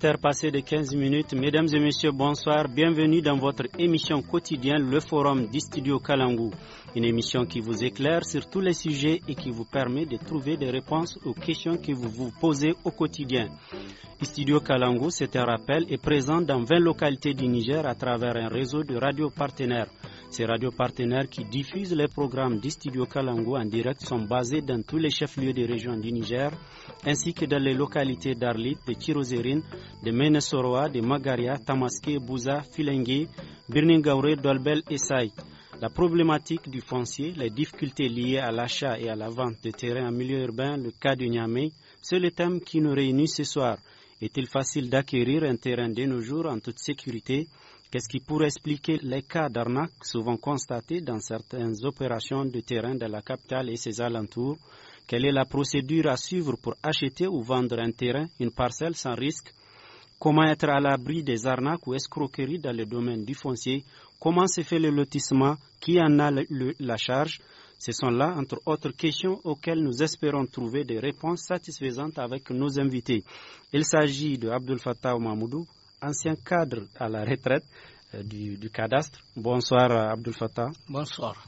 18 de 15 minutes. Mesdames et messieurs, bonsoir. Bienvenue dans votre émission quotidienne Le Forum d'Istudio Studio Une émission qui vous éclaire sur tous les sujets et qui vous permet de trouver des réponses aux questions que vous vous posez au quotidien. Studio Kalangou, c'est un rappel, est présent dans 20 localités du Niger à travers un réseau de radios partenaires. Ces radios partenaires qui diffusent les programmes du studio Kalango en direct sont basés dans tous les chefs-lieux des régions du Niger, ainsi que dans les localités d'Arlit, de Tirozérine, de Ménesoroa, de Magaria, Tamaské, Bouza, Filengue, Birningaure, Dolbel et Saï. La problématique du foncier, les difficultés liées à l'achat et à la vente de terrains en milieu urbain, le cas de Niamey, c'est le thème qui nous réunit ce soir. Est-il facile d'acquérir un terrain de nos jours en toute sécurité Qu'est-ce qui pourrait expliquer les cas d'arnaques souvent constatés dans certaines opérations de terrain de la capitale et ses alentours Quelle est la procédure à suivre pour acheter ou vendre un terrain, une parcelle sans risque Comment être à l'abri des arnaques ou escroqueries dans le domaine du foncier Comment se fait le lotissement Qui en a la charge Ce sont là, entre autres questions, auxquelles nous espérons trouver des réponses satisfaisantes avec nos invités. Il s'agit de Abdul Fattah Mahmoudou, ancien cadre à la retraite euh, du, du, cadastre. Bonsoir euh, Abdul Fattah. Bonsoir.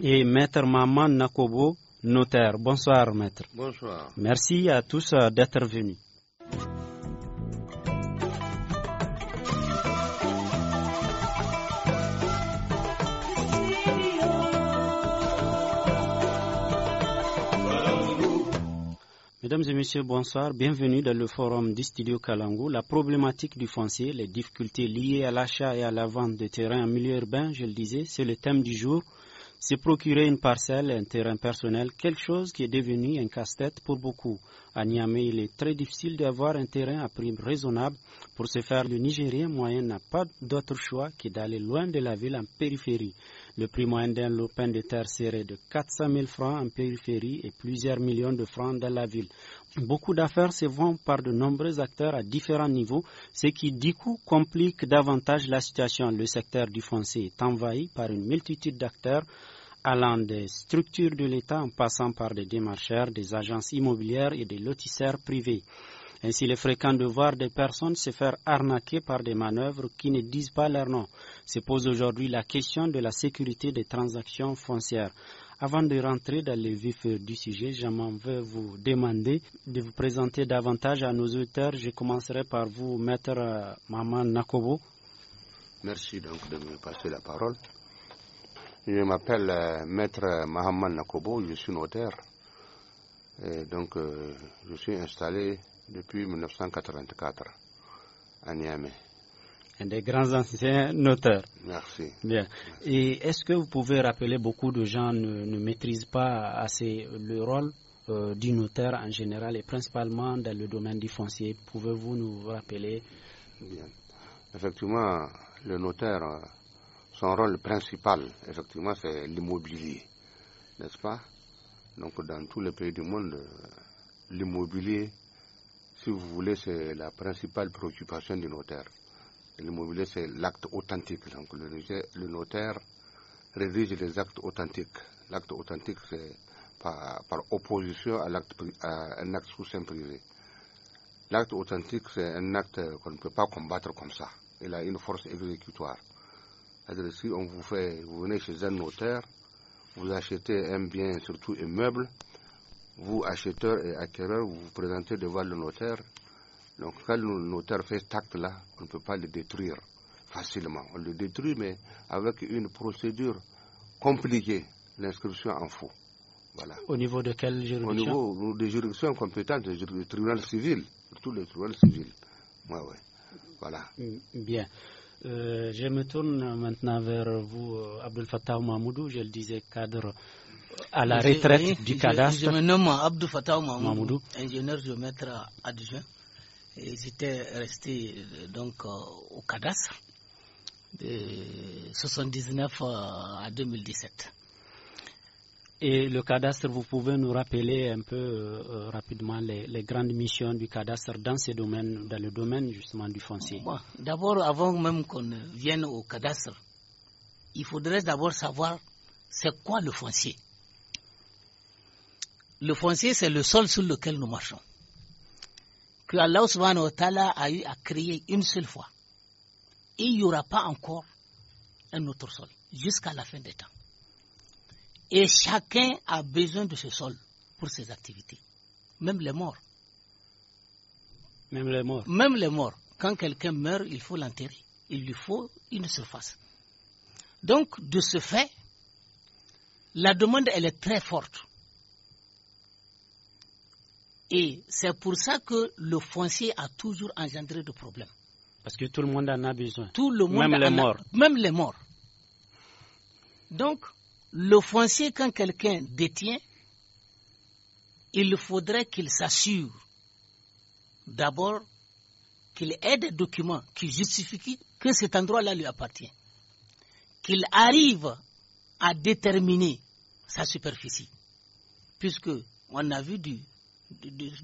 Et Maître Maman Nakobo, notaire. Bonsoir Maître. Bonsoir. Merci à tous euh, d'être venus. Mesdames et messieurs, bonsoir. Bienvenue dans le forum du studio La problématique du foncier, les difficultés liées à l'achat et à la vente de terrains en milieu urbain, je le disais, c'est le thème du jour. Se procurer une parcelle, un terrain personnel, quelque chose qui est devenu un casse-tête pour beaucoup. À Niamey, il est très difficile d'avoir un terrain à prix raisonnable. Pour se faire, le Nigérien moyen n'a pas d'autre choix que d'aller loin de la ville en périphérie le prix moyen d'un lopin de terre serait de 400 000 francs en périphérie et plusieurs millions de francs dans la ville. Beaucoup d'affaires se vendent par de nombreux acteurs à différents niveaux, ce qui du coup complique davantage la situation. Le secteur du foncier est envahi par une multitude d'acteurs allant des structures de l'État en passant par des démarcheurs, des agences immobilières et des lotisseurs privés. Ainsi, il est fréquent de voir des personnes se faire arnaquer par des manœuvres qui ne disent pas leur nom. Se pose aujourd'hui la question de la sécurité des transactions foncières. Avant de rentrer dans le vif du sujet, je m'en vais vous demander de vous présenter davantage à nos auteurs. Je commencerai par vous, maître euh, Maman Nakobo. Merci donc de me passer la parole. Je m'appelle euh, maître Mahaman Nakobo, je suis notaire. donc, euh, je suis installé depuis 1984 à Niamey. Un des grands anciens notaires. Merci. Bien. Et est-ce que vous pouvez rappeler, beaucoup de gens ne, maîtrisent pas assez le rôle euh, du notaire en général et principalement dans le domaine du foncier. Pouvez-vous nous rappeler Bien. Effectivement, le notaire, euh, son rôle principal, effectivement, c'est l'immobilier, n'est-ce pas Donc, dans tous les pays du monde, euh, l'immobilier si vous voulez, c'est la principale préoccupation du notaire. L'immobilier, c'est l'acte authentique. Donc, le, notaire rédige les actes authentiques. L'acte authentique, c'est par, opposition à, un acte sous seing privé. L'acte authentique, c'est un acte qu'on ne peut pas combattre comme ça. Il a une force exécutoire. cest si on vous fait, venez chez un notaire, vous achetez un bien, surtout un meuble, vous, acheteurs et acquéreurs, vous vous présentez devant le notaire. Donc, quand le notaire fait cet acte-là, on ne peut pas le détruire facilement. On le détruit, mais avec une procédure compliquée, l'inscription en faux. Voilà. Au niveau de quelle juridiction Au niveau des juridictions compétentes, des tribunaux civils, tous les tribunaux civils. Moi, ouais. Voilà. Mm, bien. Euh, je me tourne maintenant vers vous, euh, Abdel Fattah Mahmoudou. Je le disais, cadre à la retraite du cadastre. Je, me Abdou Mahmoudou, ingénieur géomètre adjoint. j'étais resté euh, donc euh, au cadastre de 79 euh, à 2017. Et le cadastre, vous pouvez nous rappeler un peu rapidement les, grandes missions du cadastre dans ces domaines, dans le domaine justement du foncier. d'abord, avant même qu'on vienne au cadastre, il faudrait d'abord savoir c'est quoi le foncier. Le foncier, c'est le sol sur lequel nous marchons. Que Allah a eu à créer une seule fois. il n'y aura pas encore un autre sol jusqu'à la fin des temps. Et chacun a besoin de ce sol pour ses activités. Même les morts. Même les morts. Même les morts. Quand quelqu'un meurt, il faut l'enterrer. Il lui faut une surface. Donc, de ce fait, la demande, elle est très forte. Et c'est pour ça que le foncier a toujours engendré des problèmes. Parce que tout le monde en a besoin. Tout le monde même les morts. même les morts. Donc, le foncier, quand quelqu'un détient, il faudrait qu'il s'assure d'abord qu'il ait des documents qui justifient que cet endroit-là lui appartient. Qu'il arrive à déterminer sa superficie. Puisque on a vu du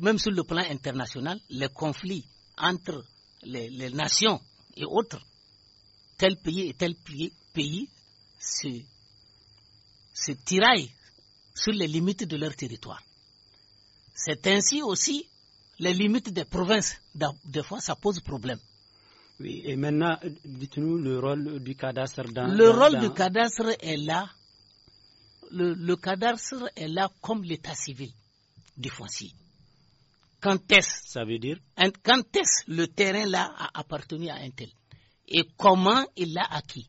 même sur le plan international, les conflits entre les, nations et autres, tel pays et tel pays, se, se tiraillent sur les limites de leur territoire. C'est ainsi aussi les limites des provinces. Des fois, ça pose problème. et maintenant, dites-nous le rôle du cadastre dans. Le rôle du cadastre est là. le cadastre est là comme l'état civil du foncier. Quand est-ce Ça Quand est-ce le terrain-là a appartenu à un tel Et comment il l'a acquis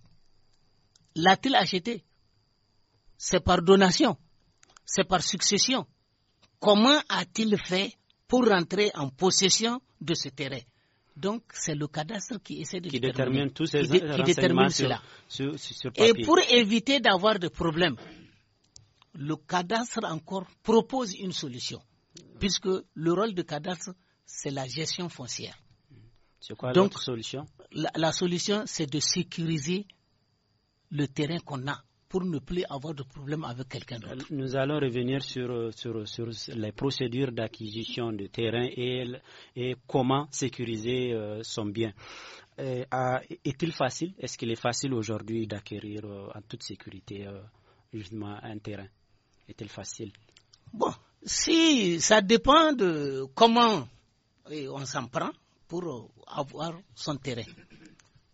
L'a-t-il acheté C'est par donation C'est par succession Comment a-t-il fait pour rentrer en possession de ce terrain donc, c'est le cadastre qui essaie de qui détermine cela. Et pour éviter d'avoir de problèmes, le cadastre encore propose une solution, puisque le rôle de cadastre, c'est la gestion foncière. C'est quoi Donc, solution la, solution, c'est de sécuriser le terrain qu'on a pour ne plus avoir de problème avec quelqu'un d'autre. Euh, nous allons revenir euh, euh, sur, les procédures d'acquisition de terrain et, et comment sécuriser son bien. Est-il facile Est-ce qu'il est facile aujourd'hui d'acquérir en toute sécurité justement un terrain est il facile Bon, si ça dépend de comment on s'en prend pour euh, avoir son terrain.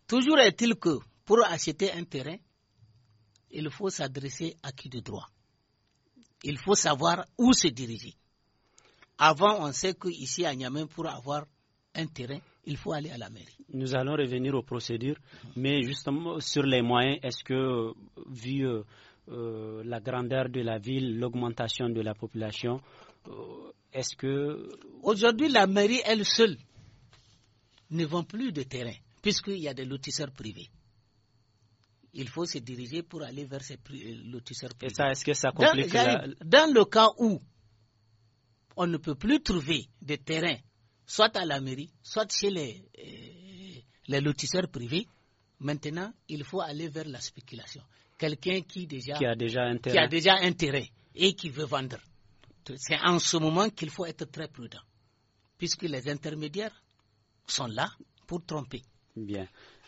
Toujours est-il que pour acheter un terrain, il faut s'adresser à qui de droit. Il faut savoir où se diriger. Avant, on sait qu'ici à Niamey, pour avoir un terrain, il faut aller à la mairie. Nous allons revenir aux procédures, mais justement sur les moyens, est-ce que, vu euh, euh, la grandeur de la ville, l'augmentation de la population. Euh, est-ce que. Aujourd'hui, la mairie, elle seule, ne vend plus de terrain, puisqu'il y a des lotisseurs privés. Il faut se diriger pour aller vers ces euh, lotisseurs privés. Et ça, est-ce que ça complique dans, dans le cas où on ne peut plus trouver de terrain, soit à la mairie, soit chez les lotisseurs privés, maintenant, il faut aller vers la spéculation quelqu'un qui, qui, a déjà intérêt. et qui veut vendre. C'est en ce moment qu'il faut être très prudent, puisque les intermédiaires sont là pour tromper. Bien.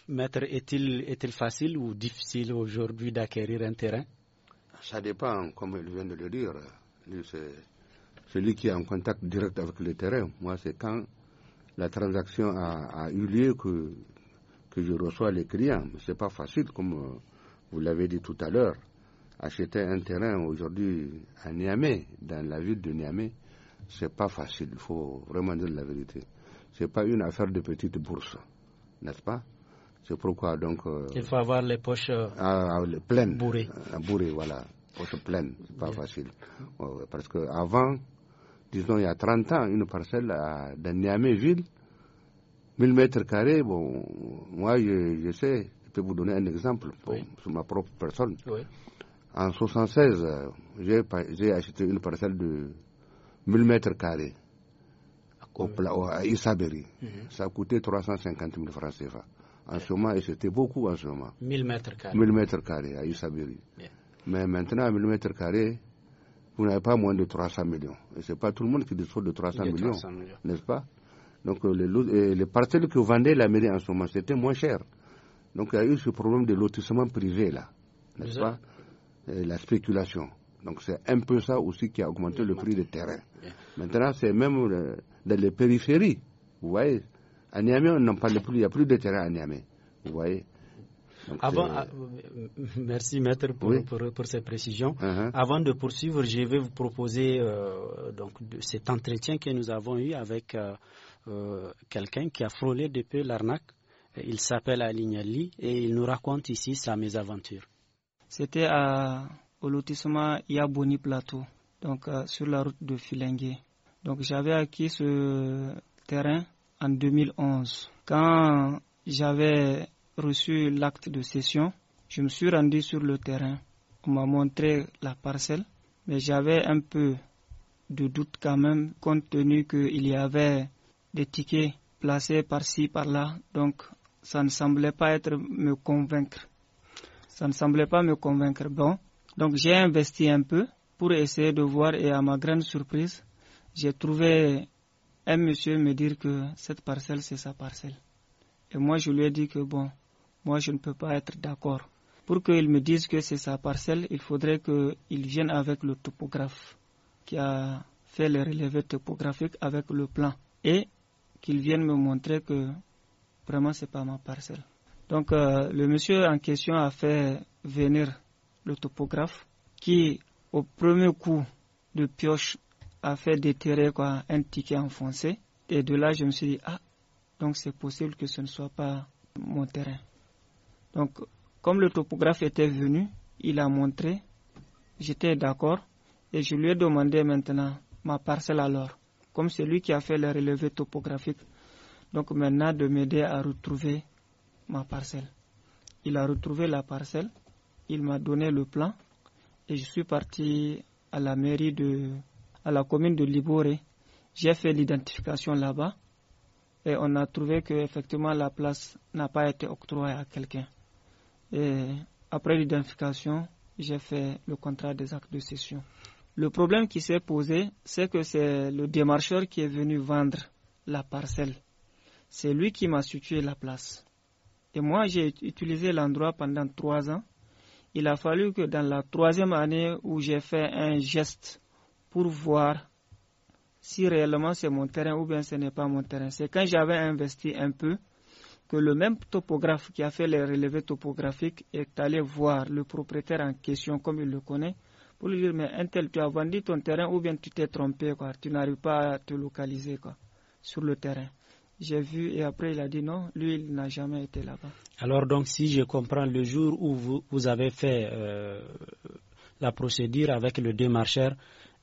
Maître, est-il est facile ou difficile aujourd'hui d'acquérir un terrain Ça dépend, comme il vient de le dire. c'est celui qui est en contact direct avec le terrain. Moi, c'est quand la transaction a, eu lieu que, que je reçois les clients. Mais ce n'est pas facile comme euh, vous l'avez dit tout à l'heure, acheter un terrain aujourd'hui à Niamey, dans la ville de Niamey, c'est pas facile, il faut vraiment dire la vérité. C'est pas une affaire de petite bourse, n'est-ce pas C'est pourquoi donc. Euh, il faut avoir les poches euh, ah, ah, pleines. Bourrées. Ah, bourrées, voilà. Poches pleines, c'est pas facile. parce qu'avant, disons il y a 30 ans, une parcelle dans Niamey-Ville, 1000 mètres carrés, bon, moi je sais, je peux vous donner un exemple pour, sur ma propre personne. En 1976, j'ai acheté une parcelle de 1000 mètres carrés à Isaberi. Mhm. Ça a coûté 350 000 francs CFA. En ce moment, et c'était beaucoup en ce moment. 1000 mètres carrés. 1000 mètres carrés à Isaberi. Mais maintenant, à 1000 mètres carrés, vous n'avez pas moins de 300 millions. Et ce n'est pas tout le monde qui dispose de 300 millions, millions. n'est-ce pas Donc, euh, les, euh, les parcelles que vendait la mairie en ce moment, c'était moins cher. Donc il y a eu ce problème de lotissement privé là, n'est-ce pas La spéculation. Donc c'est un peu ça aussi qui a augmenté le prix des terrains. Maintenant, c'est même euh, dans les périphéries. Vous voyez, à Niamey, on n'en parle plus, il n'y a plus de terrain à Niamey. Vous voyez ah, merci maître pour, pour, ces précisions. Uh-huh. Avant de poursuivre, je vais vous proposer euh, donc cet entretien que nous avons eu avec euh, quelqu'un qui a frôlé depuis l'arnaque il s'appelle Alignali et il nous raconte ici sa mésaventure. C'était au lotissement Yaboni Plateau, donc euh, sur la route de Filengue. Donc j'avais acquis ce terrain en 2011. Quand j'avais reçu l'acte de cession, je me suis rendu sur le terrain. On m'a montré la parcelle, mais j'avais un peu de doute quand même, compte tenu qu'il y avait des tickets placés par-ci, par-là. Donc, ça ne semblait pas être me convaincre. Ça ne semblait pas me convaincre. Bon, donc j'ai investi un peu pour essayer de voir et à ma grande surprise, j'ai trouvé un monsieur me dire que cette parcelle, c'est sa parcelle. Et moi, je lui ai dit que bon, moi, je ne peux pas être d'accord. Pour qu'il me dise que c'est sa parcelle, il faudrait qu'il vienne avec le topographe qui a fait les relevés topographiques avec le plan et qu'il vienne me montrer que Vraiment, ce n'est pas ma parcelle. Donc, euh, le monsieur en question a fait venir le topographe qui, au premier coup de pioche, a fait déterrer quoi, un ticket enfoncé. Et de là, je me suis dit, ah, donc c'est possible que ce ne soit pas mon terrain. Donc, comme le topographe était venu, il a montré, j'étais d'accord, et je lui ai demandé maintenant ma parcelle alors. Comme celui qui a fait le relevé topographique, donc maintenant de m'aider à retrouver ma parcelle. Il a retrouvé la parcelle, il m'a donné le plan et je suis parti à la mairie de, à la commune de Liboré. J'ai fait l'identification là-bas et on a trouvé que effectivement la place n'a pas été octroyée à quelqu'un. Et après l'identification, j'ai fait le contrat des actes de cession. Le problème qui s'est posé, c'est que c'est le démarcheur qui est venu vendre la parcelle c'est lui qui m'a situé la place. Et moi, j'ai utilisé l'endroit pendant trois ans. Il a fallu que dans la troisième année où j'ai fait un geste pour voir si réellement c'est mon terrain ou bien ce n'est pas mon terrain. C'est quand j'avais investi un peu que le même topographe qui a fait les relevés topographiques est allé voir le propriétaire en question comme il le connaît pour lui dire mais Intel tu as vendu ton terrain ou bien tu t'es trompé tu n'arrives pas à te localiser sur le terrain j'ai vu et après il a dit non, lui il n'a jamais été là-bas. Alors donc si je comprends, le jour où vous, avez fait euh, la procédure avec le démarcheur,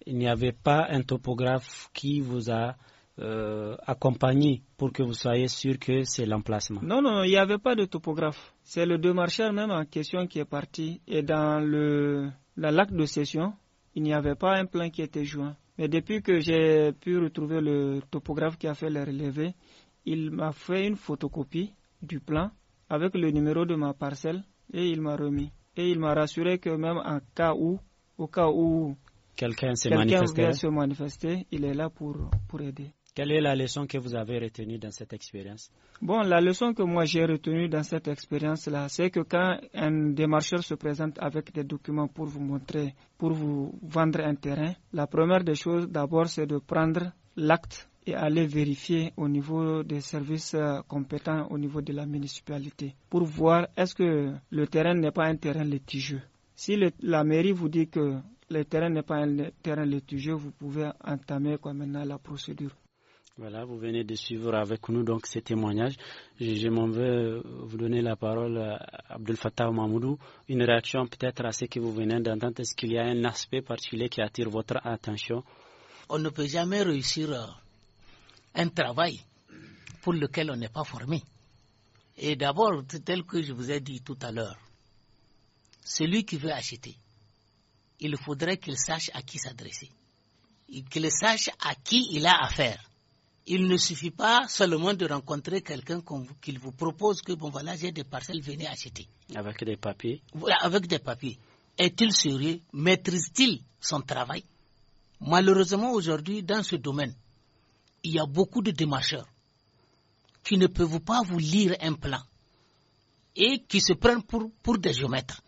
il n'y avait pas un topographe qui vous a euh, accompagné pour que vous soyez sûr que c'est l'emplacement Non, non, il n'y avait pas de topographe. C'est le démarcheur même en question qui est parti et dans le lac de session, il n'y avait pas un plan qui était joint. Mais depuis que j'ai pu retrouver le topographe qui a fait le relevé il m'a fait une photocopie du plan avec le numéro de ma parcelle et il m'a remis. Et il m'a rassuré que même en cas où, au cas où quelqu'un se, se manifester, il est là pour, pour aider. Quelle est la leçon que vous avez retenue dans cette expérience Bon, la leçon que moi j'ai retenue dans cette expérience-là, c'est que quand un démarcheur se présente avec des documents pour vous montrer, pour vous vendre un terrain, la première des choses d'abord, c'est de prendre l'acte et aller vérifier au niveau des services euh, compétents au niveau de la municipalité pour voir est-ce que le terrain n'est pas un terrain litigieux. Si la mairie vous dit que le terrain n'est pas un terrain litigieux, vous pouvez entamer maintenant la procédure. Voilà, vous venez de suivre avec nous donc ces témoignages. Je, m'en veux vous donner la parole à euh, Abdel Fattah Mahmoudou. Une réaction peut-être à ce que vous venez d'entendre. Est-ce qu'il y a un aspect particulier qui attire votre attention On ne peut jamais réussir euh, un travail pour lequel on n'est pas formé. Et d'abord, tel que je vous ai dit tout à l'heure, celui qui veut acheter, il faudrait qu'il sache à qui s'adresser, qu'il sache à qui il a affaire. Il ne suffit pas seulement de rencontrer quelqu'un qu'il vous propose que, bon voilà, j'ai des parcelles, venez acheter. Avec des papiers avec des papiers. Est-il sérieux Maîtrise-t-il son travail Malheureusement, aujourd'hui, dans ce domaine, il y a beaucoup de démarcheurs qui ne peuvent pas vous lire un plan et qui se prennent pour, des géomètres,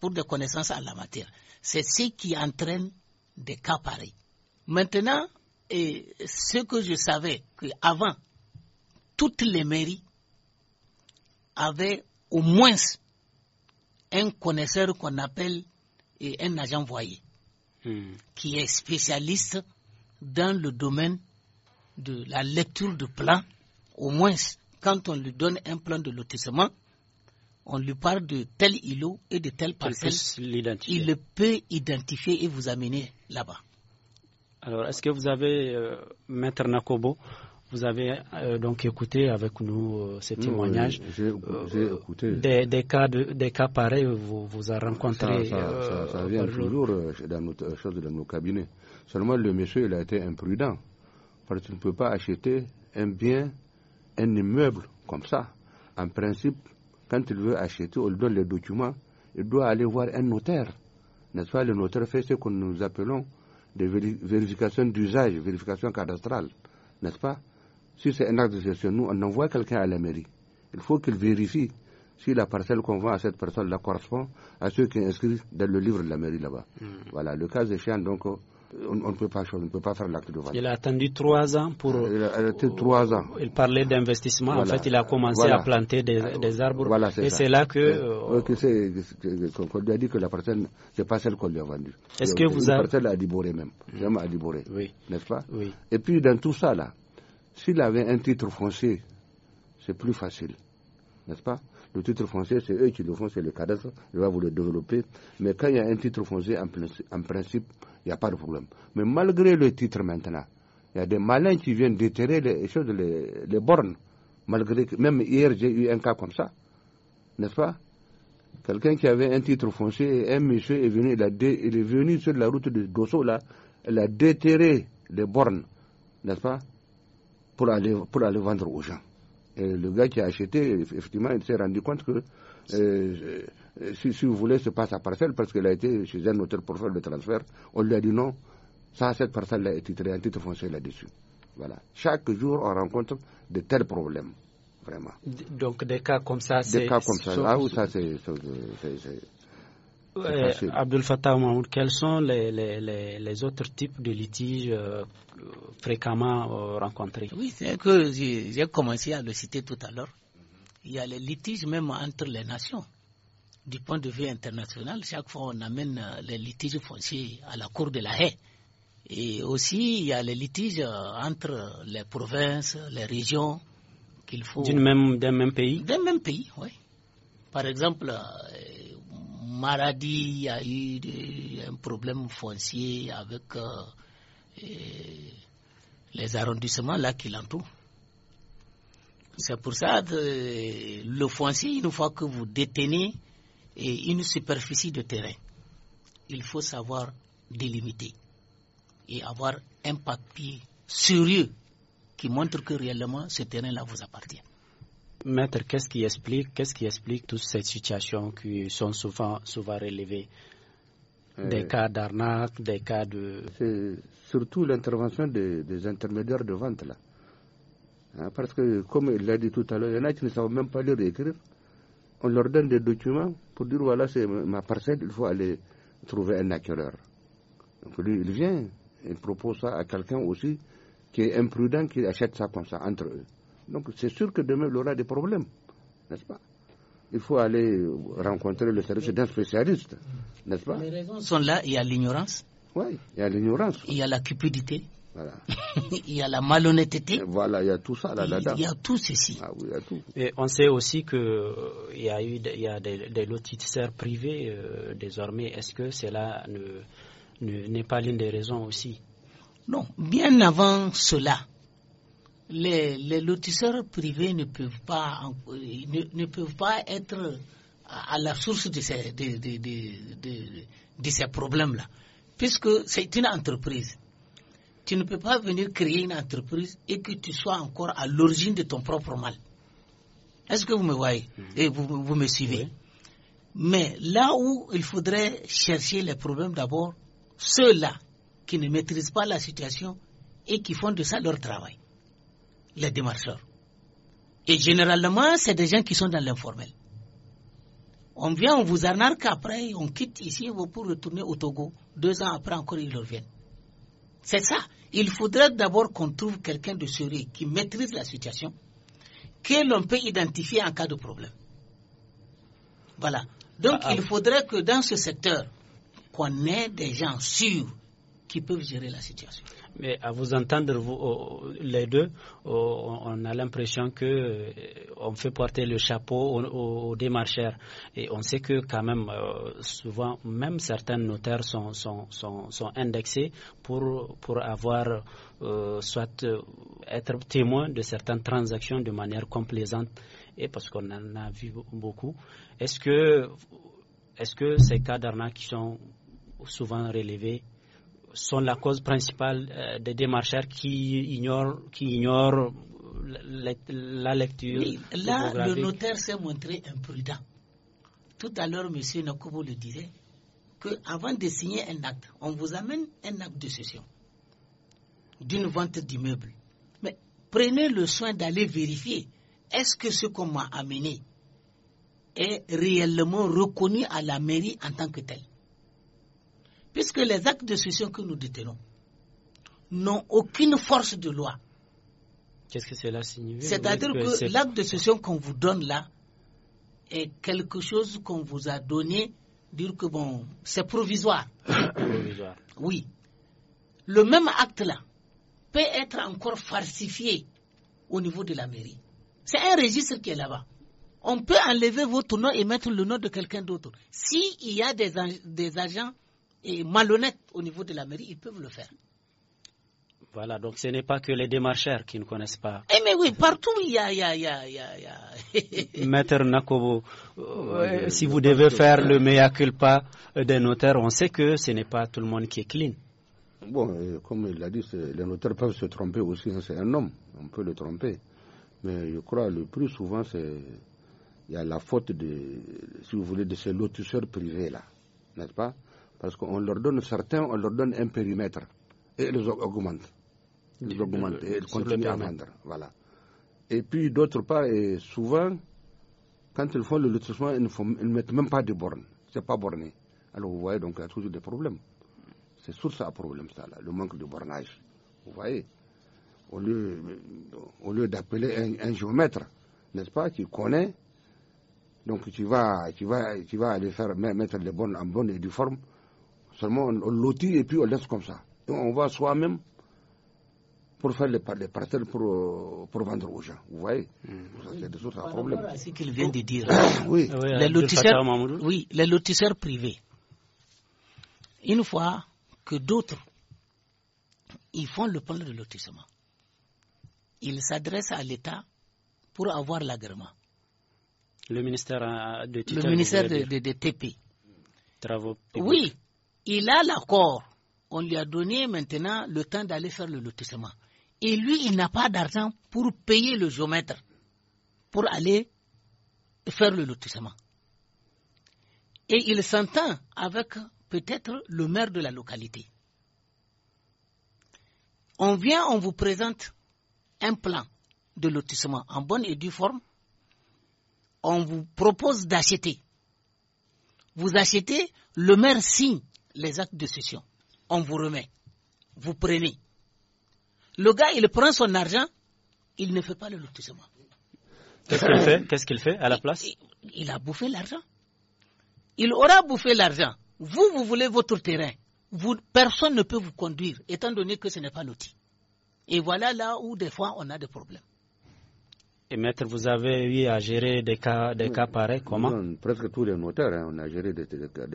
pour des connaissances en la matière. C'est ce qui entraîne des cas pareils. Maintenant, ce que je savais, qu'avant, toutes les mairies avaient au moins un connaisseur qu'on appelle et un agent voyé hmm. qui est spécialiste dans le domaine de la lecture de plan, au moins quand on lui donne un plan de lotissement, on lui parle de tel îlot et de telle parcelle, il le peut identifier et vous amener là-bas. Alors, est-ce que vous avez, euh, Maître Nakobo, vous avez euh, donc écouté avec nous euh, ces témoignages. j'ai écouté. Des, cas de, cas pareils, vous, vous a rencontré. Ça, vient toujours dans nos cabinets. Seulement, le monsieur, il a été imprudent. Parce que tu ne peux pas acheter un bien, un immeuble comme ça. En principe, quand il veut acheter, on lui donne les documents, il doit aller voir un notaire. N'est-ce pas Le notaire fait ce que nous appelons des vérifications d'usage, vérification cadastrales, N'est-ce pas Si c'est un acte de gestion, nous, on envoie quelqu'un à la mairie. Il faut qu'il vérifie si la parcelle qu'on vend à cette personne la correspond à ce qui est inscrit dans le livre de la mairie là-bas. Hmm. Voilà, le cas échéant, donc, euh, on, peut pas, on ne peut pas faire l'acte de vente. Il a attendu trois ans pour. Ah, il a, attendu trois ans. Il parlait d'investissement. En fait, il a commencé à planter des, ah, des arbres. Voilà, et c'est là que. Euh, euh, on lui a dit que la personne c'est pas celle qu'on lui a vendue. Est-ce que vous avez. La parcelle a déboré même. à diboré. oui. N'est-ce pas Oui. Et puis, dans tout ça, là, s'il avait un titre foncier, c'est plus facile. N'est-ce pas le titre foncier, c'est eux qui le font, c'est le cadastre, il va vous le développer. Mais quand il y a un titre foncier, en principe, il n'y a pas de problème. Mais malgré le titre maintenant, il y a des malins qui viennent déterrer les choses, les, bornes. Malgré même hier, j'ai eu un cas comme ça. N'est-ce pas Quelqu'un qui avait un titre foncier, un monsieur est venu, il, a il est venu sur la route de Dosso, là, il a déterré les bornes, n'est-ce pas pour aller, pour aller vendre aux gens. Et le gars qui a acheté, effectivement, il s'est rendu compte que euh, euh, si, vous voulez, ce passe à parcelle, parce qu'elle a été chez un auteur pour faire le transfert. On lui a dit non, ça, cette parcelle a été titrée, un titre foncier là-dessus. Voilà. Chaque jour, on rencontre de tels problèmes, vraiment. Donc, des cas comme ça, c'est. Des cas comme ça, là où ça, c'est. Euh, Fattah Mahmoud, quels sont les, autres types de litiges euh, fréquemment rencontrés Oui, c'est que j'ai commencé à le citer tout à l'heure. Il y a les litiges même entre les nations du point de vue international, chaque fois on amène euh, les litiges fonciers à la Cour de la haie. Et aussi, il y a les litiges euh, entre les provinces, les régions qu'il faut. D'un même, même, pays D'un même pays, oui. Par exemple, euh, Maradi, a eu un problème foncier avec les arrondissements là qui l'entourent. C'est pour ça que le foncier, une fois que vous détenez et une superficie de terrain, il faut savoir délimiter et avoir un papier sérieux qui montre que réellement ce terrain-là vous appartient. Maître, qu'est-ce qui explique, qu'est-ce qui explique toutes ces situations qui sont souvent, souvent relevées euh, Des cas d'arnaque, des cas de. C'est surtout l'intervention des, intermédiaires de vente là. Hein, parce que, comme il l'a dit tout à l'heure, il y en a qui ne savent même pas lire réécrire on leur donne des documents pour dire voilà, c'est ma parcelle, il faut aller trouver un acquéreur. Donc lui, il vient, il propose ça à quelqu'un aussi qui est imprudent, qui achète ça comme ça, entre eux. Donc c'est sûr que demain, il aura des problèmes, n'est-ce pas il faut aller rencontrer le service d'un spécialiste, n'est-ce pas Les raisons sont là, il y a l'ignorance. Oui, il y a l'ignorance. Il y a la cupidité. il y a la malhonnêteté. Voilà, il y a tout ça Il y a tout ceci. Ah Et on sait aussi qu'il euh, il y a eu des, lotisseurs privés euh, désormais. Est-ce que cela n'est ne, pas l'une des raisons aussi Non, bien avant cela, les, lotisseurs privés ne peuvent pas, peuvent pas être à la source de, de ces problèmes-là, puisque c'est une entreprise tu ne peux pas venir créer une entreprise et que tu sois encore à l'origine de ton propre mal. Est-ce que vous me voyez mhm. et vous, me suivez Mais là où il faudrait chercher les problèmes d'abord, ceux-là qui ne maîtrisent pas la situation et qui font de ça leur travail, les démarcheurs. Et généralement, c'est des gens qui sont dans l'informel. On vient, on vous arnaque, après on quitte ici pour retourner au Togo. Deux ans après encore, ils reviennent. C'est ça il faudrait d'abord qu'on trouve quelqu'un de sérieux qui maîtrise la situation, que l'on peut identifier en cas de problème. Voilà. Donc, ah, ah. il faudrait que dans ce secteur, qu'on ait des gens sûrs qui peuvent gérer la situation. Mais à vous entendre, oh, les deux, oh, on a l'impression que euh, on fait porter le chapeau aux, démarcheurs. Et on sait que quand même, euh, souvent, même certains notaires sont, sont, sont, indexés pour, pour avoir, euh, soit être témoin de certaines transactions de manière complaisante. Et parce qu'on en a vu beaucoup. Est-ce que, est-ce que ces cas d'arnaques sont souvent relevés sont la cause principale euh, des démarcheurs qui ignorent, qui ignorent la, lecture. là, le notaire s'est montré imprudent. Tout à l'heure, monsieur Nakobo le disait, qu'avant de signer un acte, on vous amène un acte de cession d'une vente d'immeuble. Mais prenez le soin d'aller vérifier est-ce que ce qu'on m'a amené est réellement reconnu à la mairie en tant que tel puisque les actes de session que nous détenons n'ont aucune force de loi. Qu'est-ce que cela signifie C'est-à-dire que, l'acte de session qu'on vous donne là est quelque chose qu'on vous a donné, dire que bon, c'est provisoire. Oui. Le même acte là peut être encore falsifié au niveau de la mairie. C'est un registre qui est là-bas. On peut enlever votre nom et mettre le nom de quelqu'un d'autre. S'il y a des agents et malhonnêtes au niveau de la mairie, ils peuvent le faire. Voilà, donc ce n'est pas que les démarcheurs qui ne connaissent pas. Eh mais oui, partout il y a, il y a, y a, Maître Nakobo, euh, si vous devez faire le mea culpa des notaires, on sait que ce n'est pas tout le monde qui est clean. Bon, euh, comme il l'a dit, les notaires peuvent se tromper aussi. Hein, c'est un homme, on peut le tromper. Mais je crois que le plus souvent, c'est il y a la faute de, si vous voulez, de ces lotisseurs privés là, n'est-ce pas parce qu'on leur donne certains, on leur donne un périmètre. Et ils augmentent. Ils augmentent et ils continuent à vendre. Voilà. Et puis d'autre part, et souvent, quand ils font le lotissement, ils ne, mettent même pas de bornes. n'est pas borné. Alors vous voyez, donc il y a toujours des problèmes. C'est ça, à problème, ça, là, le manque de bornage. Vous voyez Au lieu, au lieu d'appeler un, géomètre, n'est-ce pas, qui connaît donc tu vas, tu vas, tu vas aller faire mettre les bornes en bonne et du forme. Seulement, on, lotit et puis on laisse comme ça. on va soi-même pour faire les, les parcelles pour, euh, pour, vendre aux gens. Vous voyez hmm. C'est des autres problèmes. C'est ce qu'il vient de dire. Euh, ah oui. les lotisseurs, oui, les lotisseurs privés. Une fois que d'autres, ils font le plan de lotissement, ils s'adressent à l'État pour avoir l'agrément. Le ministère de Le TP. Travaux Oui, il a l'accord. On lui a donné maintenant le temps d'aller faire le lotissement. Et lui, il n'a pas d'argent pour payer le géomètre, pour aller faire le lotissement. Et il s'entend avec peut-être le maire de la localité. On vient, on vous présente un plan de lotissement en bonne et due forme. On vous propose d'acheter. Vous achetez, le maire signe les actes de cession. On vous remet. Vous prenez. Le gars, il prend son argent, il ne fait pas le lotissement. Qu'est-ce qu'il fait Qu'est-ce qu'il fait à la place il, a bouffé l'argent. Il aura bouffé l'argent. Vous, vous voulez votre terrain. Vous, personne ne peut vous conduire, étant donné que ce n'est pas loti. Et voilà là où des fois on a des problèmes. Et maître, vous avez eu à gérer des cas, des cas pareils, comment Presque tous les notaires, hein, on a géré des,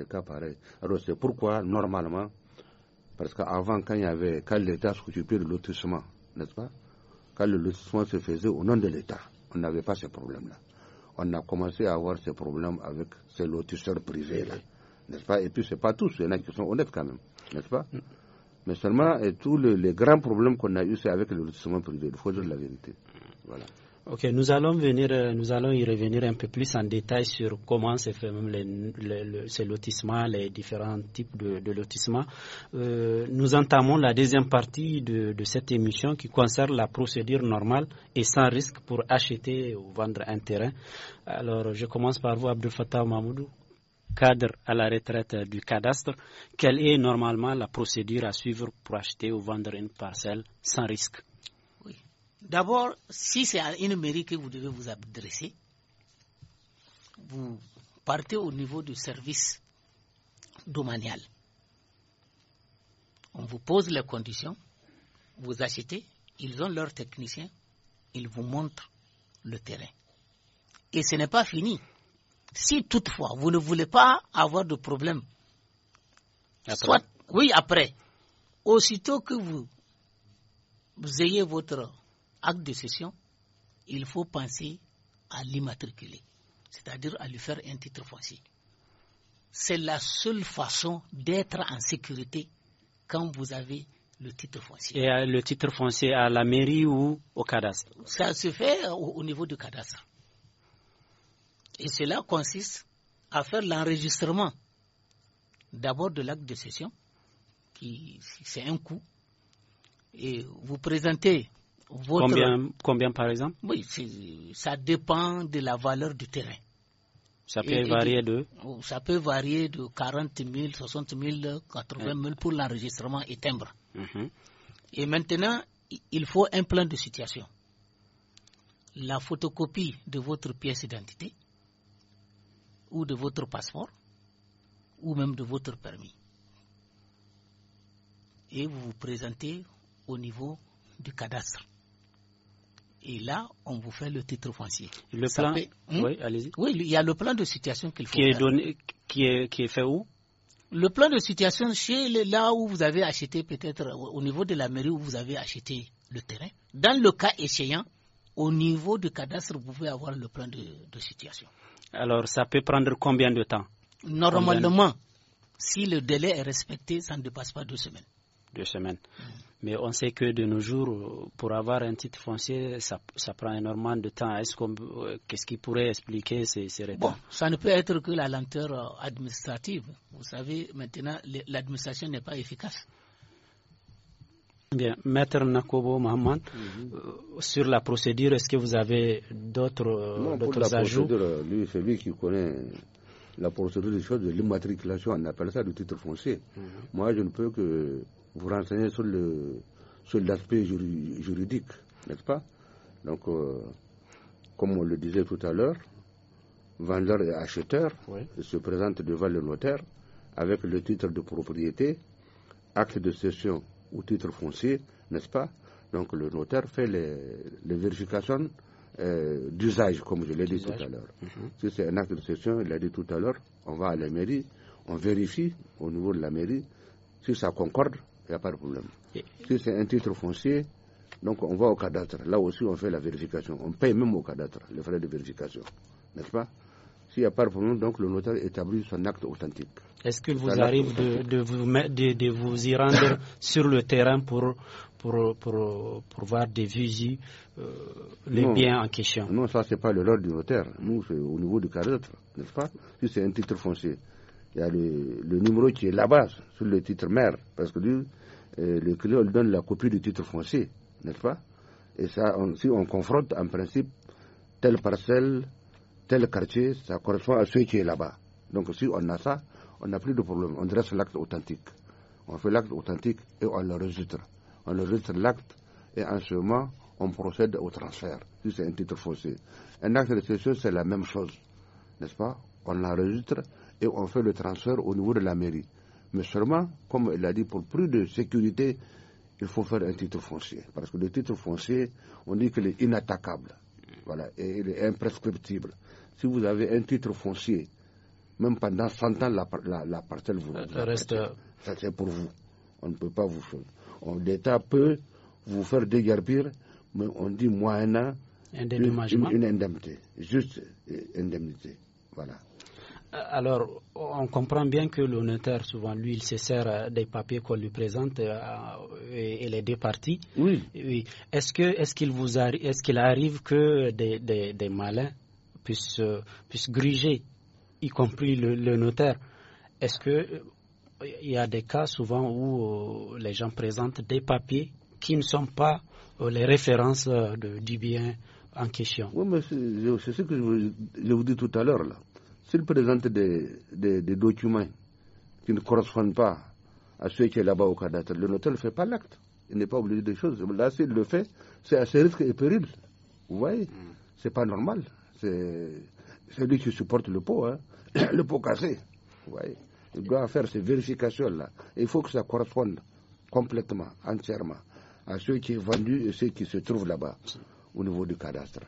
cas pareils. Alors c'est pourquoi, normalement, parce qu'avant, quand il y avait, quand l'État s'occupait de lotissement, n'est-ce pas Quand le lotissement se faisait au nom de l'État, on n'avait pas ce problème-là. On a commencé à avoir ces problèmes avec ces lotisseurs privés-là, n'est-ce pas Et puis, c'est pas tous, il y en a qui sont honnêtes quand même, n'est-ce pas mm. Mais seulement, tous les, grands problèmes qu'on a eu, c'est avec le lotissement privé, il faut dire la vérité. Voilà. Ok, nous allons venir, euh, nous allons y revenir un peu plus en détail sur comment se fait même les, les, ces les différents types de, de lotissements. Euh, nous entamons la deuxième partie de, de, cette émission qui concerne la procédure normale et sans risque pour acheter ou vendre un terrain. Alors, je commence par vous, Abdel Fattah Mahmoudou cadre à la retraite du cadastre, quelle est normalement la procédure à suivre pour acheter ou vendre une parcelle sans risque D'abord, si c'est à une mairie que vous devez vous adresser, vous partez au niveau du service domanial. On vous pose les conditions, vous achetez, ils ont leur technicien, ils vous montrent le terrain. Et ce n'est pas fini. Si toutefois vous ne voulez pas avoir de problème, Soit, oui, après, aussitôt que vous, vous ayez votre acte de cession, il faut penser à l'immatriculer, c'est-à-dire à lui faire un titre foncier. C'est la seule façon d'être en sécurité quand vous avez le titre foncier. Et euh, le titre foncier à la mairie ou au cadastre Ça se fait au, niveau du cadastre. Et cela consiste à faire l'enregistrement d'abord de l'acte de cession, qui c'est un coup, et vous présentez Combien, combien par exemple Oui, ça dépend de la valeur du terrain. Ça peut varier de oh, Ça peut varier de 40 000, 60 000, 80 000 pour l'enregistrement et timbre. Mhm. Et maintenant, il faut un plan de situation. La photocopie de votre pièce d'identité ou de votre passeport ou même de votre permis. Et vous vous présentez au niveau du cadastre et là, on vous fait le titre foncier. Le plan, hmm? oui, allez-y. Oui, il y a le plan de situation qu'il faut qui Est donné, qui, est, qui est fait où Le plan de situation, chez là où vous avez acheté, peut-être au niveau de la mairie où vous avez acheté le terrain. Dans le cas échéant, au niveau du cadastre, vous pouvez avoir le plan de, situation. Alors, ça peut prendre combien de temps Normalement, si le délai est respecté, ça ne dépasse pas deux semaines. Deux semaines. Hmm. Mais on sait que de nos jours, euh, pour avoir un titre foncier, ça, prend énormément de temps. Est-ce euh, qu'est-ce qui pourrait expliquer ces, bon, Ça ne peut être que la lenteur euh, administrative. Vous savez, maintenant, l'administration n'est pas efficace. Bien, Maître Nakobo Mohamed, mhm. sur la procédure, est-ce que vous avez d'autres, d'autres ajouts procédure, lui, c'est lui qui connaît la procédure des choses de l'immatriculation, on appelle ça le titre foncier. Mhm. Moi, je ne peux que vous renseignez sur le sur l'aspect juridique, n'est-ce pas Donc, euh, comme on le disait tout à l'heure, vendeur et acheteur se présentent devant le notaire avec le titre de propriété, acte de cession ou titre foncier, n'est-ce pas Donc, le notaire fait les, vérifications euh, d'usage, comme je l'ai dit tout à l'heure. Mhm. Si c'est un acte de cession, il l'a dit tout à l'heure, on va à la mairie, on vérifie au niveau de la mairie si ça concorde il n'y a pas de problème. Si c'est un titre foncier, donc on va au cadastre. Là aussi, on fait la vérification. On paye même au cadastre les frais de vérification. N'est-ce pas S'il n'y a pas de problème, donc le notaire établit son acte authentique. Est-ce qu'il vous arrive de, vous, y rendre sur le terrain pour, voir des visites euh, les biens en question Non, ça, ce n'est pas le rôle du notaire. Nous, c'est au niveau du cadastre, n'est-ce pas Si c'est un titre foncier. Il y a le, numéro qui est là-bas, sur le titre mère, parce que lui, euh, le client donne la copie du titre foncier, n'est-ce pas Et ça, si on confronte en principe telle parcelle, tel quartier, ça correspond à ce qui est là-bas. Donc si on a ça, on n'a plus de problème. On dresse l'acte authentique. On fait l'acte authentique et on le registre. On registre l'acte et en ce moment, on procède au transfert, si c'est un titre foncier. Un acte de cession, c'est la même chose, n'est-ce pas On l'enregistre et on fait le transfert au niveau de la mairie. Mais seulement, comme elle a dit, pour plus de sécurité, il faut faire un titre foncier. Parce que le titre foncier, on dit qu'il est inattaquable. Voilà, et il est imprescriptible. Si vous avez un titre foncier, même pendant 100 ans, la, la, parcelle vous, reste. Ça, c'est pour vous. On ne peut pas vous faire. L'État peut vous faire déguerpir, mais on dit moins un une, une indemnité. Juste euh, indemnité. Voilà. Euh, alors, on comprend bien que le notaire, souvent, lui, il se sert euh, des papiers qu'on lui présente euh, et, les deux parties. Oui. Est-ce que est-ce qu'il vous arrive, est-ce qu'il arrive que des, malins puissent, puissent gruger, y compris le, notaire Est-ce que il y a des cas souvent où les gens présentent des papiers qui ne sont pas les références du bien en question. Oui, mais c'est ce que je vous, je vous dis tout à l'heure là. S'il présente des, documents qui ne correspondent pas à ceux qui sont là-bas au cadastre, le notaire ne fait pas l'acte. Il n'est pas obligé de choses. Là, s'il le fait, c'est à ses et périls. Vous voyez hmm. C'est pas normal. C'est lui qui supporte le pot, hein. le pot cassé. Vous Il doit faire ces vérifications-là. Il faut que ça corresponde complètement, entièrement, à ceux qui sont vendus et ceux qui se trouvent là-bas au niveau du cadastre.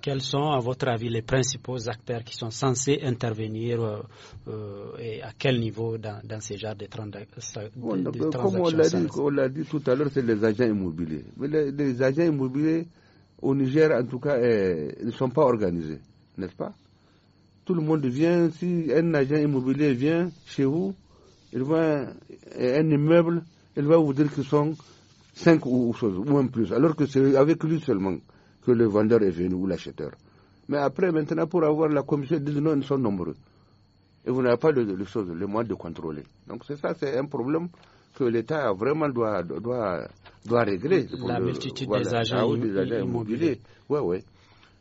Quels sont, à votre avis, les principaux acteurs qui sont censés intervenir euh, euh, et à quel niveau dans, ces genres de, 30 transactions Comme on l'a dit, tout à l'heure, c'est les agents immobiliers. Mais les, agents immobiliers, au Niger, en tout cas, eh, ils ne sont pas organisés, n'est-ce pas Tout le monde vient, si un agent immobilier vient chez vous, il voit un immeuble, il va vous dire qu'ils sont cinq ou, choses, ou un plus, alors que c'est avec lui seulement que le vendeur est venu ou l'acheteur. Mais après, maintenant, pour avoir la commission, ils disent non, ils sont nombreux. Et vous n'avez pas le, le, le moyen de contrôler. Donc c'est ça, c'est un problème que l'État vraiment doit, doit, régler. La multitude des, agents des immobiliers. Oui, oui.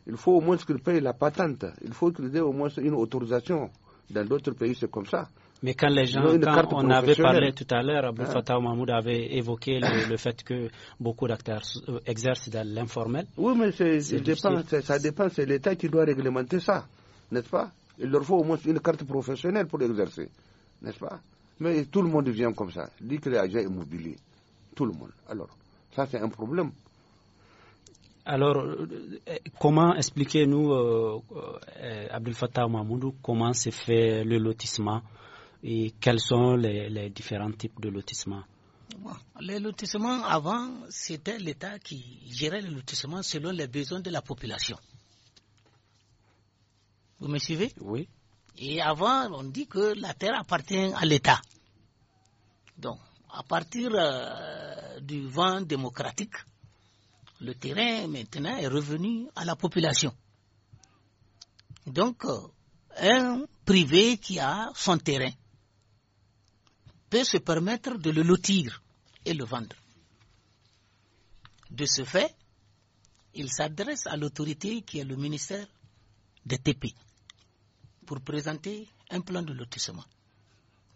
Il faut au moins qu'il payent la patente. Il faut qu'ils aient au moins une autorisation. Dans d'autres pays, c'est comme ça. Mais quand les gens, quand on avait parlé tout à l'heure, Abou ah. Fattah Mahmoud avait évoqué le, fait que beaucoup d'acteurs euh, exercent dans l'informel. Oui, mais dépend, ça dépend, c'est l'État qui doit réglementer ça, n'est-ce pas Il leur faut au moins une carte professionnelle pour exercer, n'est-ce pas Mais tout le monde vient comme ça, dit que les agents tout le monde. Alors, ça c'est un problème. Alors, euh, euh, comment expliquer nous Abdel Fattah Mahmoud, comment se fait le lotissement et quels sont les, différents types de lotissements les lotissements avant, c'était l'État qui gérait les lotissements selon les besoins de la population. Vous me suivez Oui. Et avant, on dit que la terre appartient à l'État. Donc, à partir euh, du vent démocratique, le terrain maintenant est revenu à la population. Donc, euh, un privé qui a son terrain se permettre de le lotir et le vendre. De ce fait, il s'adresse à l'autorité qui est le ministère des TP pour présenter un plan de lotissement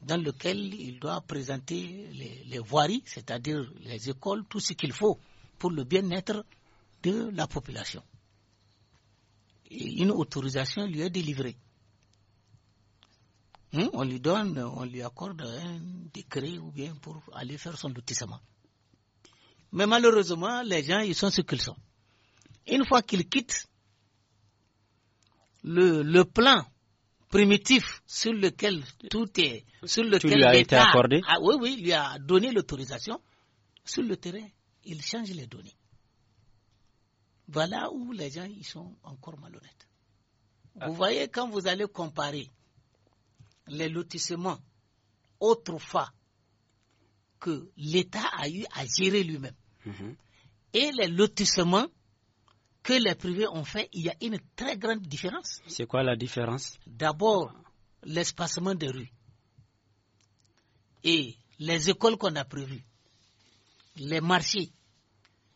dans lequel il doit présenter les, voiries, c'est-à-dire les écoles, tout ce qu'il faut pour le bien-être de la population. une autorisation lui est délivrée. Hmm, on lui donne, on lui accorde un décret ou bien pour aller faire son lotissement. Mais malheureusement, les gens, ils sont ce qu'ils sont. Une fois qu'ils quittent le, plan primitif sur lequel tout est, sur lequel lui a été accordé. oui oui, il lui a donné l'autorisation, sur le terrain, il change les données. Voilà où les gens, ils sont encore malhonnêtes. Vous ah. voyez, quand vous allez comparer les lotissements autrefois que l'État a eu à gérer lui-même. Mhm. Et les lotissements que les privés ont fait, il y a une très grande différence. C'est quoi la différence D'abord, l'espacement des rues et les écoles qu'on a prévues, les marchés,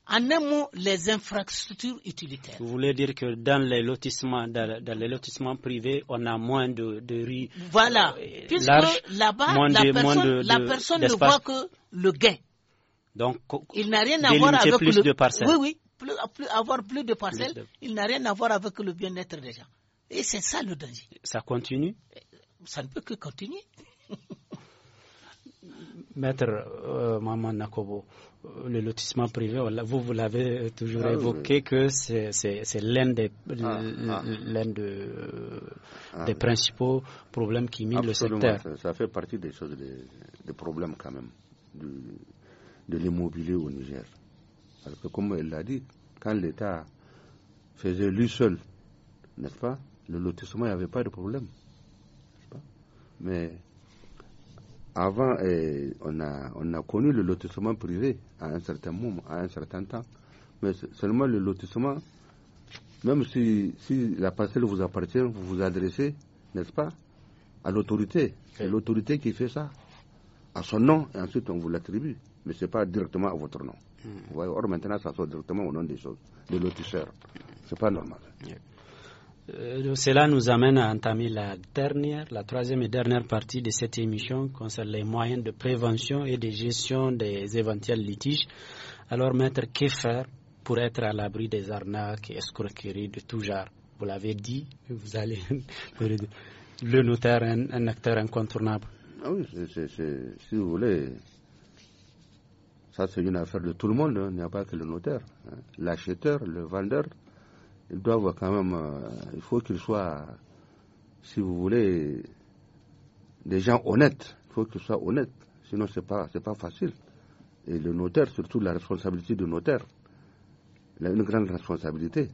en un mot, les infrastructures utilitaires. Vous voulez dire que dans les lotissements, dans, les lotissements privés, on a moins de, de rues. Voilà. Euh, Puisque là-bas, la, personne, ne voit que le gain. Donc, il n'a rien à voir avec plus le... de parcelles. Oui, oui. avoir plus de parcelles, il n'a rien à voir avec le bien-être des gens. Et c'est ça le danger. Ça continue Ça ne peut que continuer. Maître euh, Maman Nakobo, le lotissement privé, vous, vous l'avez euh, toujours ah évoqué, que c'est l'un des, ah, ah. Euh, des principaux problèmes qui minent le secteur. Ça, fait partie des choses, des, problèmes quand même, de l'immobilier au Niger. Parce que comme elle l'a dit, quand l'État faisait lui seul, n'est-ce pas, le lotissement, il n'y avait pas de problème. Pas Mais avant, eh, on, a, on, a, connu le lotissement privé à un certain moment, à un certain temps. Mais seulement le lotissement, même si, si la parcelle vous appartient, vous vous adressez, n'est-ce pas, à l'autorité. C'est l'autorité qui fait ça, à son nom, et ensuite on vous l'attribue. Mais ce n'est pas directement à votre nom. Hmm. Or maintenant, ça sort directement au nom des choses, des lotisseurs. Ce n'est pas normal. Euh, cela nous amène à entamer la dernière, la troisième et dernière partie de cette émission concernant les moyens de prévention et de gestion des éventuels litiges. Alors, maître, que faire pour être à l'abri des arnaques et escroqueries de tout genre Vous l'avez dit, vous allez le notaire, un, un acteur incontournable. Ah oui, si vous voulez, ça c'est une affaire de tout le monde, hein. il n'y a pas que le notaire. Hein. L'acheteur, le vendeur, ils doivent quand même, euh, il faut qu'ils soient, si vous voulez, des gens honnêtes. Il faut qu'ils soient honnêtes. Sinon, c'est n'est pas, pas facile. Et le notaire, surtout la responsabilité du notaire, il a une grande responsabilité.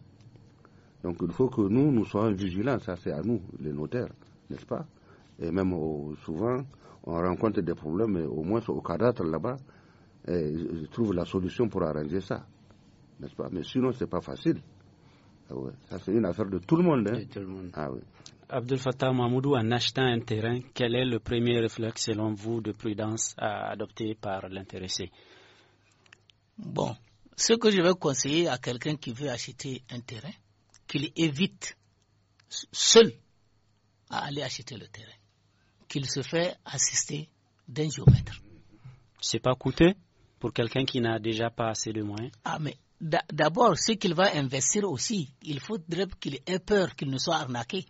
Donc il faut que nous, nous soyons vigilants, ça c'est à nous, les notaires, n'est-ce pas Et même souvent, on rencontre des problèmes, mais au moins au cadastre là-bas, ils trouvent la solution pour arranger ça, n'est-ce pas Mais sinon, c'est pas facile. Ah Ça, c'est une affaire de tout le monde. Hein. Ah Abdel Fattah Mahmoudou, en achetant un terrain, quel est le premier réflexe, selon vous, de prudence à adopter par l'intéressé Bon, ce que je vais conseiller à quelqu'un qui veut acheter un terrain, qu'il évite seul à aller acheter le terrain, qu'il se fait assister d'un géomètre. C'est pas coûteux pour quelqu'un qui n'a déjà pas assez de moyens Ah, mais d'abord, ce qu'il va investir aussi, il faudrait qu'il ait peur qu'il ne soit arnaqué.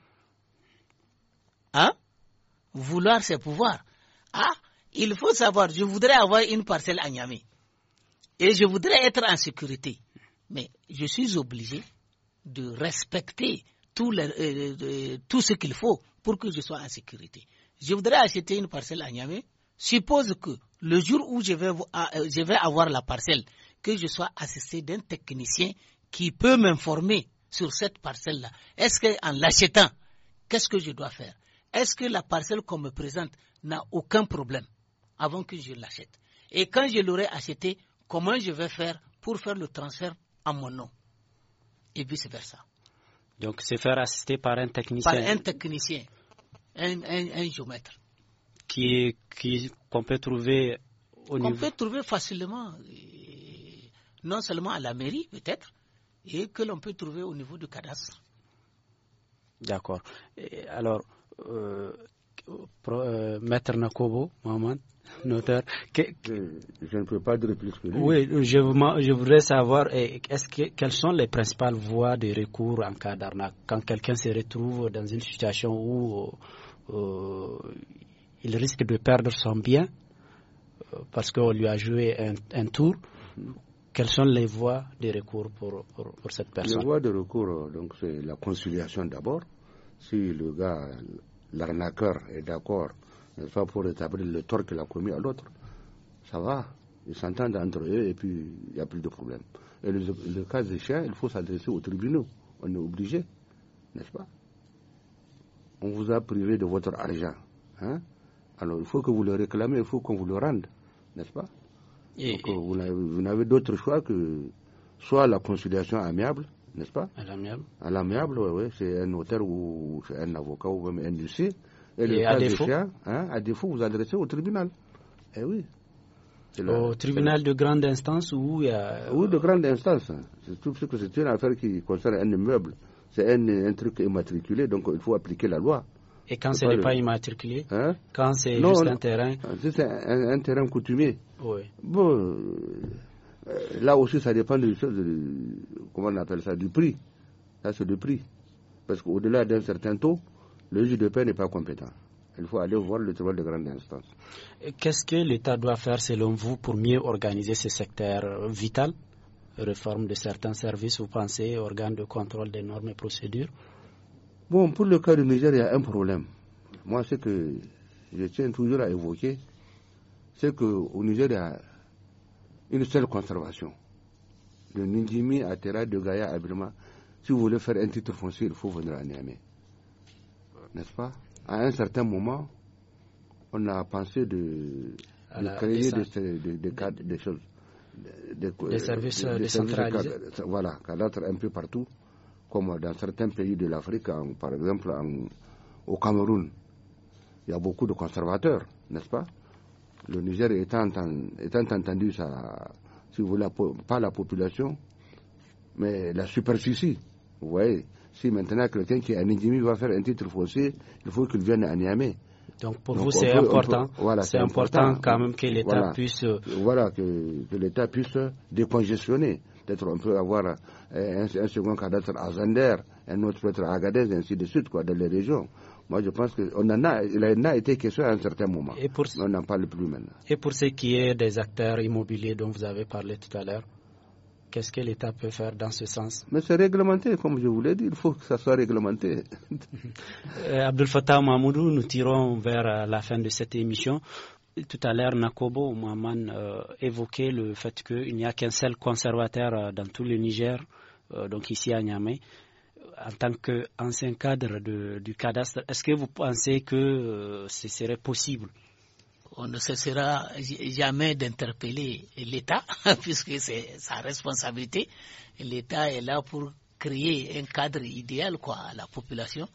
Hein? Vouloir, ses pouvoirs. Ah, il faut savoir, je voudrais avoir une parcelle à Niamey. Et je voudrais être en sécurité. Mais je suis obligé de respecter tout, euh, euh, tout ce qu'il faut pour que je sois en sécurité. Je voudrais acheter une parcelle à Niamey. Suppose que le jour où je vais, euh, je vais avoir la parcelle, que je sois assisté d'un technicien qui peut m'informer sur cette parcelle-là Est-ce qu'en l'achetant, qu'est-ce que je dois faire Est-ce que la parcelle qu'on me présente n'a aucun problème avant que je l'achète Et quand je l'aurai achetée, comment je vais faire pour faire le transfert à mon nom Et vice-versa. Donc c'est faire assister par un technicien Par un technicien, un, un, géomètre. Qui, qu'on peut trouver au on peut trouver facilement non seulement à la mairie peut-être, et que l'on peut trouver au niveau du cadastre. D'accord. Alors, euh, euh, Maître Nakobo, Maman, notaire. Euh, je ne peux pas dire plus que Oui, je, voudrais savoir quelles sont les principales voies de recours en cas d'arnaque quand quelqu'un se retrouve dans une situation où il risque de perdre son bien parce qu'on lui a joué un tour quelles sont les voies de recours pour, cette personne Les voies de recours, euh, donc c'est la conciliation d'abord. Si le gars, l'arnaqueur est d'accord, nest pour établir le tort qu'il a commis à l'autre, ça va. Ils s'entendent entre eux et puis il n'y a plus de problème. Et le, cas cas échéant, il faut s'adresser aux tribunaux. On est obligé, n'est-ce pas On vous a privé de votre argent. Hein? Alors il faut que vous le réclamez, il faut qu'on vous le rende, n'est-ce pas donc, euh, vous n'avez d'autre choix que soit la conciliation amiable, n'est-ce pas À l'amiable. À l'amiable, oui, oui. C'est un notaire ou un avocat ou même un dossier. Et, à défaut hein, À défaut, vous adressez au tribunal. Eh oui. au tribunal de grande instance ou a... Oui, de grande instance. C'est ce que c'est une affaire qui concerne un immeuble. C'est un, truc immatriculé, donc il faut appliquer la loi. Et quand ce n'est pas, immatriculé hein? Quand c'est juste un terrain ah, C'est un, terrain coutumier. Oui. Bon, euh, là aussi, ça dépend du, euh, comment on appelle ça, du prix. Là, c'est du prix. Parce qu'au-delà d'un certain taux, le juge de paix n'est pas compétent. Il faut aller voir le tribunal de grande instance. Qu'est-ce que l'État doit faire, selon vous, pour mieux organiser ce secteur vital Réforme de certains services, vous pensez, organes de contrôle des normes et procédures Bon, pour le cas du Niger, il y a un problème. Moi, ce que je tiens toujours à évoquer, c'est qu'au Niger, il y a une seule conservation. De Ninjimi, à Terra, de Gaïa à Si vous voulez faire un titre foncier, il faut venir à Niamey. N'est-ce pas À un certain moment, on a pensé de, créer des, des, des, choses. Des, euh, services décentralisés. Voilà, un peu partout comme dans certains pays de l'Afrique, par exemple au Cameroun, il y a beaucoup de conservateurs, n'est-ce pas Le Niger étant, entendu, ça, si vous voulez, pas la population, mais la superficie. Vous voyez, si maintenant quelqu'un qui est un va faire un titre fossé, il faut qu'il vienne à Niamey. Donc pour vous, c'est important. c'est important, quand même que l'État puisse. Voilà, que l'État puisse décongestionner peut-être on peut avoir euh, un, second cadastre à Zander, un autre peut-être à Agadez, ainsi de suite, quoi, dans les régions. Moi, je pense qu'il en a, a été question à un certain moment. on n'en parle plus maintenant. Et pour ce qui est des acteurs immobiliers dont vous avez parlé tout à l'heure, qu'est-ce que l'État peut faire dans ce sens Mais c'est réglementé, comme je vous l'ai dit, il faut que ça soit réglementé. Euh, Abdel Fattah Mahmoudou, nous tirons vers euh, la fin de cette émission tout à l'heure, Nakobo Mohamed euh, évoquait le fait qu'il n'y a qu'un seul conservateur euh, dans tout le Niger, euh, donc ici à Niamey. En tant qu'ancien cadre du cadastre, est-ce que vous pensez que ce serait possible on ne cessera jamais d'interpeller l'État, puisque c'est sa responsabilité. L'État est là pour créer un cadre idéal quoi, à la population.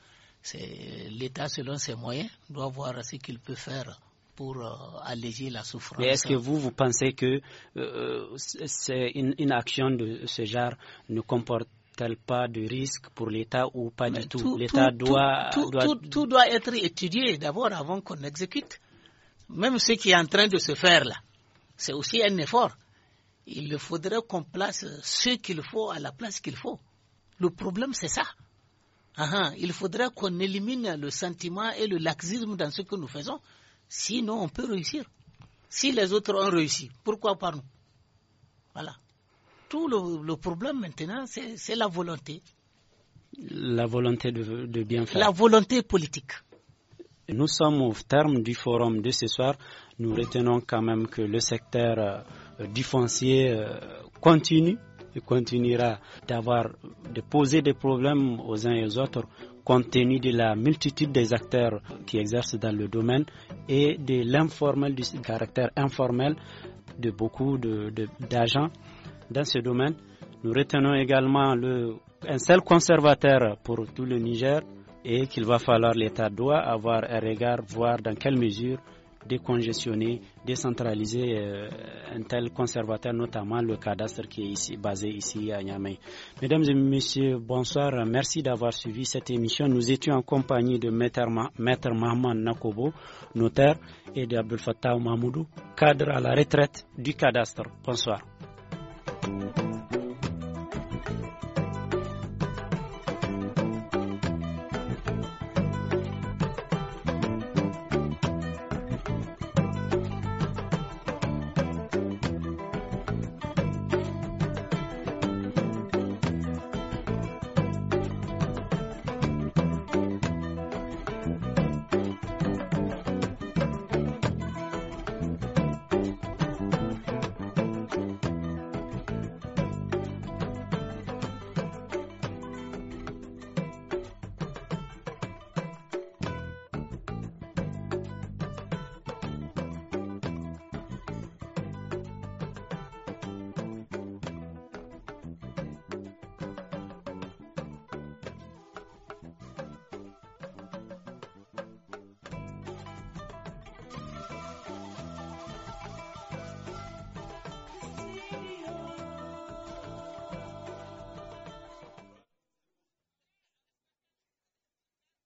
L'État, selon ses moyens, doit voir ce qu'il peut faire pour euh, alléger la souffrance. Mais est-ce que vous, vous pensez que euh, euh, une, action de ce genre ne comporte-t-elle pas de risque pour l'État ou pas du tout, tout L'État doit, tout doit être étudié d'abord avant qu'on exécute. Même ce qui est en train de se faire là, c'est aussi un effort. Il faudrait qu'on place ce qu'il faut à la place qu'il faut. Le problème, c'est ça. Ah ah, il faudrait qu'on élimine le sentiment et le laxisme dans ce que nous faisons. Sinon, on peut réussir. Si les autres ont réussi, pourquoi pas nous Voilà. Tout le, problème maintenant, c'est la volonté. La volonté de, bien faire. La volonté politique. Nous sommes au terme du forum de ce soir. Nous retenons quand même que le secteur euh, euh continue et continuera d'avoir de poser des problèmes aux uns et aux autres compte tenu de la multitude des acteurs qui exercent dans le domaine et de l'informel, du caractère informel de beaucoup d'agents dans ce domaine. Nous retenons également le, un seul conservateur pour tout le Niger et qu'il va falloir l'État doit avoir un regard, voir dans quelle mesure décongestionner, décentraliser euh, un tel conservateur, notamment le cadastre qui est ici, basé ici à Niamey. Mesdames et messieurs, bonsoir. Merci d'avoir suivi cette émission. Nous étions en compagnie de Maître, Maître Mahman Nakobo, notaire, et d'Abdel Fattah Mahmoudou, cadre à la retraite du cadastre. Bonsoir.